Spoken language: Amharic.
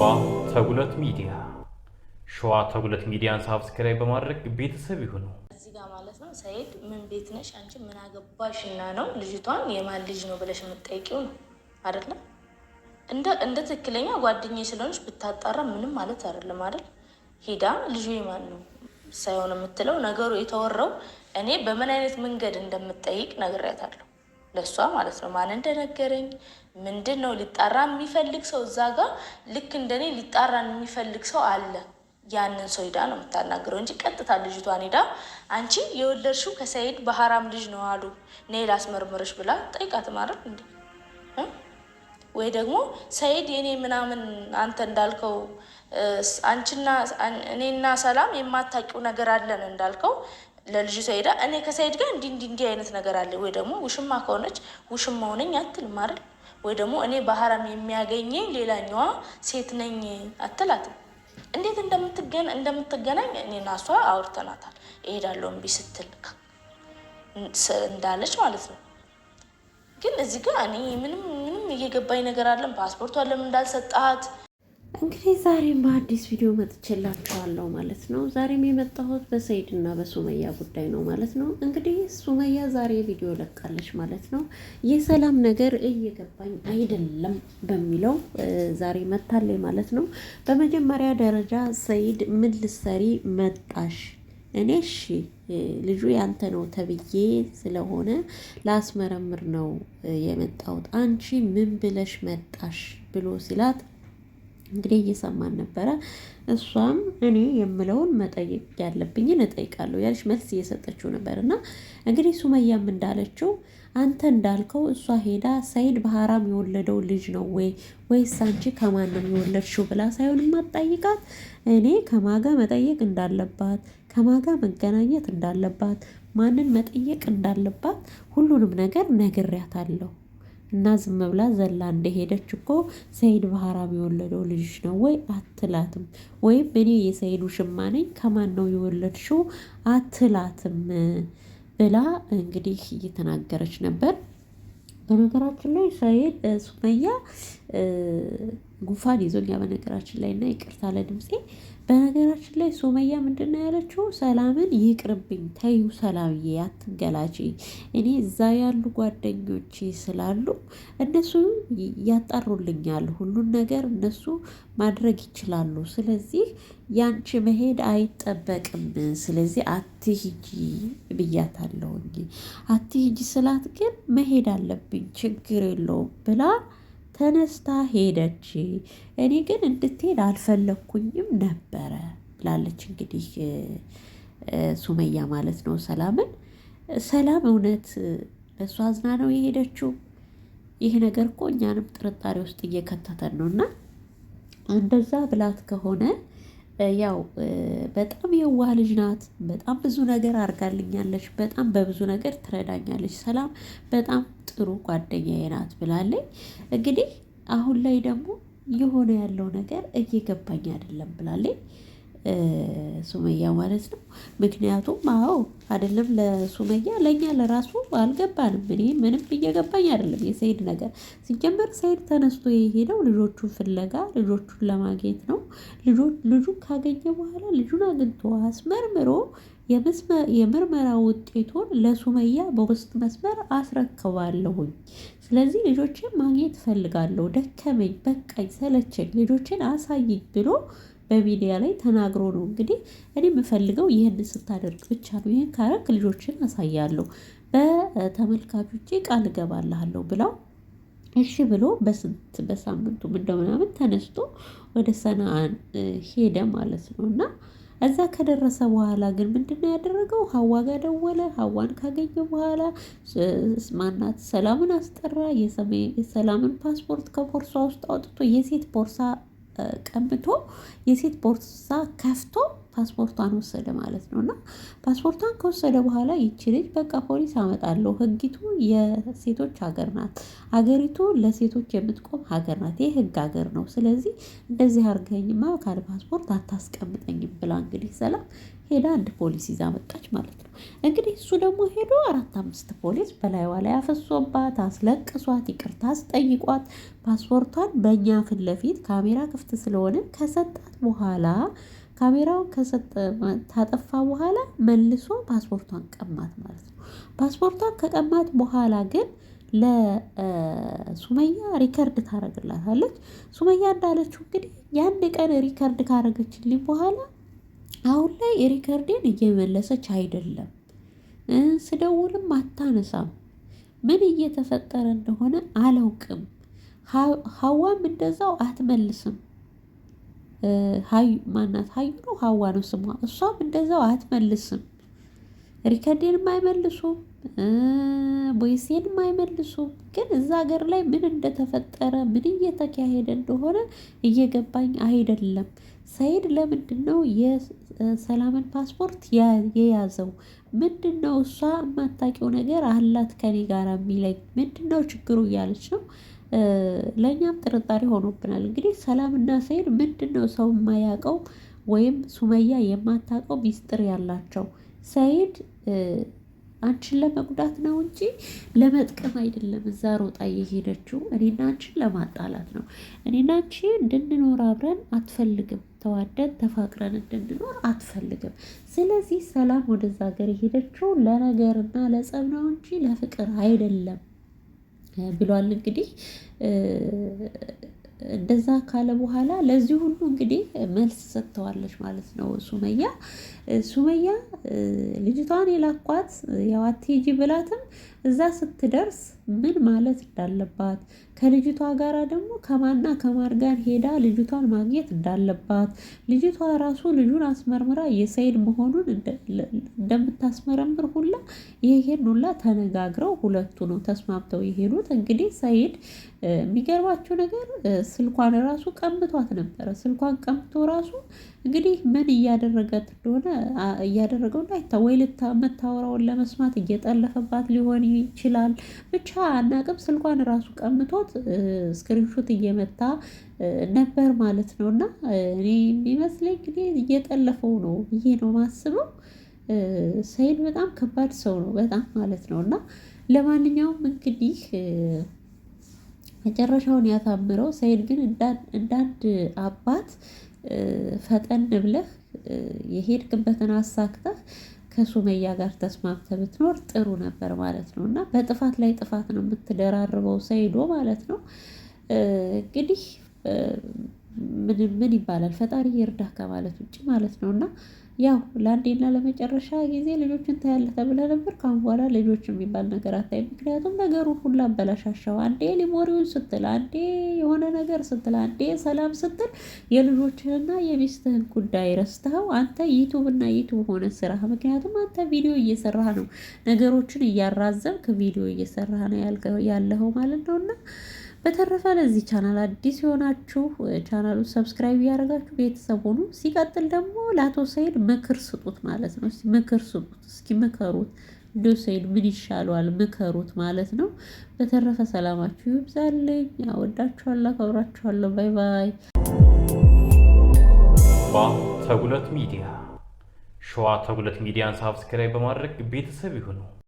አባ ተጉለት ሚዲያ ሸዋ ተጉለት ሚዲያን ሳብስክራይብ በማድረግ ቤተሰብ ይሁኑ። እዚህ ጋር ማለት ነው ሰይድ ምን ቤት ነሽ አንቺ ምን አገባሽ? እና ነው ልጅቷን የማን ልጅ ነው ብለሽ የምትጠይቂው ነው አይደለም። እንደ ትክክለኛ ጓደኛ ስለሆነች ብታጣራ ምንም ማለት አይደለም አይደል? ሂዳ ልጁ የማን ነው ሳይሆን የምትለው ነገሩ የተወራው እኔ በምን አይነት መንገድ እንደምጠይቅ ነግሬያታለሁ። ለእሷ ማለት ነው። ማን እንደነገረኝ ምንድን ነው ሊጣራ የሚፈልግ ሰው እዛ ጋር ልክ እንደኔ ሊጣራን የሚፈልግ ሰው አለ። ያንን ሰው ሄዳ ነው የምታናግረው እንጂ ቀጥታ ልጅቷን ሄዳ አንቺ የወለድሽው ከሰይድ በሀራም ልጅ ነው አሉ ነይ ላስመርምርሽ ብላ ጠይቃት ማለት እንደ ወይ ደግሞ ሰይድ የእኔ ምናምን አንተ እንዳልከው አንቺና እኔና ሰላም የማታውቂው ነገር አለን እንዳልከው ለልጅ ሰይዳ እኔ ከሰይድ ጋር እንዲ እንዲ እንዲህ አይነት ነገር አለ ወይ ደግሞ ውሽማ ከሆነች ውሽማ ሆነኝ አትልም አይደል? ወይ ደግሞ እኔ በሀራም የሚያገኘኝ ሌላኛዋ ሴት ነኝ አትላትም። እንዴት እንደምትገና እንደምትገናኝ እኔና እሷ አውርተናታል። እሄዳለሁ እምቢ ስትል እንዳለች ማለት ነው። ግን እዚህ ጋር እኔ ምንም ምንም እየገባኝ ነገር አለም ፓስፖርቷ ለምን እንዳልሰጣት እንግዲህ ዛሬም በአዲስ ቪዲዮ መጥቼላችኋለሁ ማለት ነው። ዛሬም የመጣሁት በሰይድ እና በሱመያ ጉዳይ ነው ማለት ነው። እንግዲህ ሱመያ ዛሬ ቪዲዮ ለቃለች ማለት ነው። የሰላም ነገር እየገባኝ አይደለም በሚለው ዛሬ መታለች ማለት ነው። በመጀመሪያ ደረጃ ሰይድ ምን ልትሰሪ መጣሽ? እኔ እሺ ልጁ ያንተ ነው ተብዬ ስለሆነ ላስመረምር ነው የመጣሁት። አንቺ ምን ብለሽ መጣሽ ብሎ ሲላት እንግዲህ እየሰማን ነበረ። እሷም እኔ የምለውን መጠየቅ ያለብኝን እጠይቃለሁ ያለች መልስ እየሰጠችው ነበር። እና እንግዲህ ሱመያም እንዳለችው አንተ እንዳልከው እሷ ሄዳ ሰይድ በሀራም የወለደው ልጅ ነው ወይ ወይስ አንቺ ከማን ነው የወለድሽው ብላ ሳይሆን የማትጠይቃት እኔ ከማጋ መጠየቅ እንዳለባት ከማጋ መገናኘት እንዳለባት ማንን መጠየቅ እንዳለባት ሁሉንም ነገር ነግሬያታለሁ እና ዝም ብላ ዘላ እንደሄደች እኮ ሰይድ ባህራም የወለደው ልጅሽ ነው ወይ አትላትም። ወይም እኔ የሰይዱ ውሽማ ነኝ ከማን ነው የወለድሽው አትላትም ብላ እንግዲህ እየተናገረች ነበር። በነገራችን ላይ ሰይድ ሱመያ ጉንፋን ይዞኛ በነገራችን ላይ እና ይቅርታ ለድምፄ። በነገራችን ላይ ሶመያ ምንድን ነው ያለችው? ሰላምን ይቅርብኝ፣ ተዩ ሰላምዬ፣ ያትገላች እኔ እዛ ያሉ ጓደኞች ስላሉ እነሱ ያጣሩልኛል፣ ሁሉን ነገር እነሱ ማድረግ ይችላሉ። ስለዚህ ያንቺ መሄድ አይጠበቅም፣ ስለዚህ አትሂጂ ብያታለሁኝ። አትሂጂ ስላት ግን መሄድ አለብኝ ችግር የለውም ብላ ተነስታ ሄደች። እኔ ግን እንድትሄድ አልፈለግኩኝም ነበረ ላለች እንግዲህ ሱመያ ማለት ነው ሰላምን። ሰላም እውነት በእሷ አዝና ነው የሄደችው? ይህ ነገር እኮ እኛንም ጥርጣሬ ውስጥ እየከተተን ነው እና እንደዛ ብላት ከሆነ ያው በጣም የዋህ ልጅ ናት። በጣም ብዙ ነገር አድርጋልኛለች። በጣም በብዙ ነገር ትረዳኛለች። ሰላም በጣም ጥሩ ጓደኛዬ ናት ብላለኝ። እንግዲህ አሁን ላይ ደግሞ የሆነ ያለው ነገር እየገባኝ አይደለም ብላለኝ። ሱመያ ማለት ነው። ምክንያቱም አዎ አይደለም ለሱመያ ለእኛ ለራሱ አልገባንም። እኔ ምንም እየገባኝ አይደለም የሰይድ ነገር። ሲጀመር ሰይድ ተነስቶ የሄደው ልጆቹን ፍለጋ ልጆቹን ለማግኘት ነው። ልጁን ካገኘ በኋላ ልጁን አግኝቶ አስመርምሮ የምርመራ ውጤቱን ለሱመያ በውስጥ መስመር አስረክባለሁኝ። ስለዚህ ልጆችን ማግኘት እፈልጋለሁ፣ ደከመኝ፣ በቃኝ፣ ሰለቸኝ፣ ልጆችን አሳይኝ ብሎ በሚዲያ ላይ ተናግሮ ነው። እንግዲህ እኔ የምፈልገው ይህንን ስታደርግ ብቻ ነው። ይህን ካረክ ልጆችን አሳያለሁ፣ በተመልካቾቼ ቃል እገባልሃለሁ ብለው እሺ ብሎ በስንት በሳምንቱ እንደው ምናምን ተነስቶ ወደ ሰናአን ሄደ ማለት ነው እና እዛ ከደረሰ በኋላ ግን ምንድነው ያደረገው? ሀዋ ጋር ደወለ። ሀዋን ካገኘ በኋላ ማናት ሰላምን አስጠራ። የሰላምን ፓስፖርት ከቦርሷ ውስጥ አውጥቶ የሴት ቦርሳ ቀብቶ የሴት ቦርሳ ከፍቶ ፓስፖርቷን ወሰደ ማለት ነው። እና ፓስፖርቷን ከወሰደ በኋላ ይቺ ልጅ በቃ ፖሊስ አመጣለሁ፣ ህጊቱ የሴቶች ሀገር ናት፣ ሀገሪቱ ለሴቶች የምትቆም ሀገር ናት፣ ይህ ህግ ሀገር ነው። ስለዚህ እንደዚህ አድርገኝማ ካለ ፓስፖርት አታስቀምጠኝም ብላ እንግዲህ ሰላም ሄዳ አንድ ፖሊስ ይዛ መጣች ማለት ነው። እንግዲህ እሱ ደግሞ ሄዶ አራት አምስት ፖሊስ በላይዋ ላይ አፈሶባት፣ አስለቅሷት፣ ይቅርታ አስጠይቋት ፓስፖርቷን በእኛ ፊት ለፊት ካሜራ ክፍት ስለሆነ ከሰጣት በኋላ ካሜራው ከሰጠ ታጠፋ በኋላ መልሶ ፓስፖርቷን ቀማት ማለት ነው። ፓስፖርቷን ከቀማት በኋላ ግን ለሱመያ ሪከርድ ታደርግላታለች። ሱመያ እንዳለችው እንግዲህ የአንድ ቀን ሪከርድ ካደረገችልኝ በኋላ አሁን ላይ ሪከርዴን እየመለሰች አይደለም፣ ስደውልም አታነሳም። ምን እየተፈጠረ እንደሆነ አላውቅም። ሀዋም እንደዛው አትመልስም። ሀዩ ማናት ሀዩ ነው ሀዋ ነው ስሟ። እሷም እንደዛው አትመልስም ሪከርዴንም አይመልሱም ቦይሴንም አይመልሱም። ግን እዛ ሀገር ላይ ምን እንደተፈጠረ ምን እየተካሄደ እንደሆነ እየገባኝ አይደለም። ሰይድ ለምንድን ነው የሰላምን ፓስፖርት የያዘው? ምንድን ነው እሷ የማታውቂው ነገር አላት ከኔ ጋር የሚለኝ ምንድን ነው ችግሩ እያለች ነው። ለእኛም ጥርጣሬ ሆኖብናል። እንግዲህ ሰላምና ሰይድ ምንድን ነው ሰው የማያውቀው ወይም ሱመያ የማታውቀው ሚስጥር ያላቸው ሰይድ አንቺን ለመጉዳት ነው እንጂ ለመጥቀም አይደለም። እዛ ሮጣ እየሄደችው እኔና አንቺን ለማጣላት ነው። እኔና አንቺ እንድንኖር አብረን አትፈልግም። ተዋደን ተፋቅረን እንድንኖር አትፈልግም። ስለዚህ ሰላም ወደዛ ሀገር የሄደችው ለነገርና ለጸብ ነው እንጂ ለፍቅር አይደለም ብሏል እንግዲህ እንደዛ ካለ በኋላ ለዚህ ሁሉ እንግዲህ መልስ ሰጥተዋለች ማለት ነው ሱመያ። ሱመያ ልጅቷን የላኳት ያው አትሄጂ ብላትም እዛ ስትደርስ ምን ማለት እንዳለባት ከልጅቷ ጋራ ደግሞ ከማና ከማር ጋር ሄዳ ልጅቷን ማግኘት እንዳለባት ልጅቷ ራሱ ልጁን አስመርምራ የሰይድ መሆኑን እንደምታስመረምር ሁላ ይሄን ሁላ ተነጋግረው ሁለቱ ነው ተስማምተው የሄዱት። እንግዲህ ሰይድ የሚገርባቸው ነገር ስልኳን ራሱ ቀምቷት ነበረ። ስልኳን ቀምቶ ራሱ እንግዲህ ምን እያደረገት እንደሆነ እያደረገው እንዳይታ ወይ መታወራውን ለመስማት እየጠለፈባት ሊሆን ይችላል። ብቻ አናቅም። ስልኳን ራሱ ቀምቶት ስክሪንሾት እየመታ ነበር ማለት ነው። እና እኔ የሚመስለኝ እንግዲህ እየጠለፈው ነው ብዬ ነው ማስበው። ሰይድ በጣም ከባድ ሰው ነው፣ በጣም ማለት ነው። እና ለማንኛውም እንግዲህ መጨረሻውን ያሳምረው። ሰይድ ግን እንዳንድ አባት ፈጠን ብለህ የሄድክበትን አሳክተህ ከሱመያ ጋር ተስማምተ ብትኖር ጥሩ ነበር ማለት ነው። እና በጥፋት ላይ ጥፋት ነው የምትደራርበው ሰይዶ ማለት ነው። እንግዲህ ምን ምን ይባላል ፈጣሪ ይርዳህ ከማለት ውጭ ማለት ነው እና ያው ለአንዴና ለመጨረሻ ጊዜ ልጆችን ታያለህ ተብለህ ነበር። ካሁን በኋላ ልጆች የሚባል ነገር አታይም። ምክንያቱም ነገሩን ሁሉ አበላሻሻው። አንዴ ሊሞሪውን ስትል፣ አንዴ የሆነ ነገር ስትል፣ አንዴ ሰላም ስትል የልጆችህንና የሚስትህን ጉዳይ ረስተኸው አንተ ዩቱብና ዩቱብ ሆነ ስራ ምክንያቱም አንተ ቪዲዮ እየሰራህ ነው፣ ነገሮችን እያራዘምክ ቪዲዮ እየሰራህ ነው ያለኸው ማለት ነው እና በተረፈ ለዚህ ቻናል አዲስ የሆናችሁ ቻናሉ ሰብስክራይብ እያደረጋችሁ ቤተሰብ ሆኑ። ሲቀጥል ደግሞ ለአቶ ሰይድ ምክር ስጡት ማለት ነው። ምክር ስጡት፣ እስኪ ምከሩት። እንዲ ሰይድ ምን ይሻለዋል? ምከሩት ማለት ነው። በተረፈ ሰላማችሁ ይብዛልኝ። አወዳችኋለሁ፣ አከብራችኋለሁ። ባይ ባይ። ተጉለት ሚዲያ ሸዋ ተጉለት ሚዲያን ሳብስክራይብ በማድረግ ቤተሰብ ይሁነው።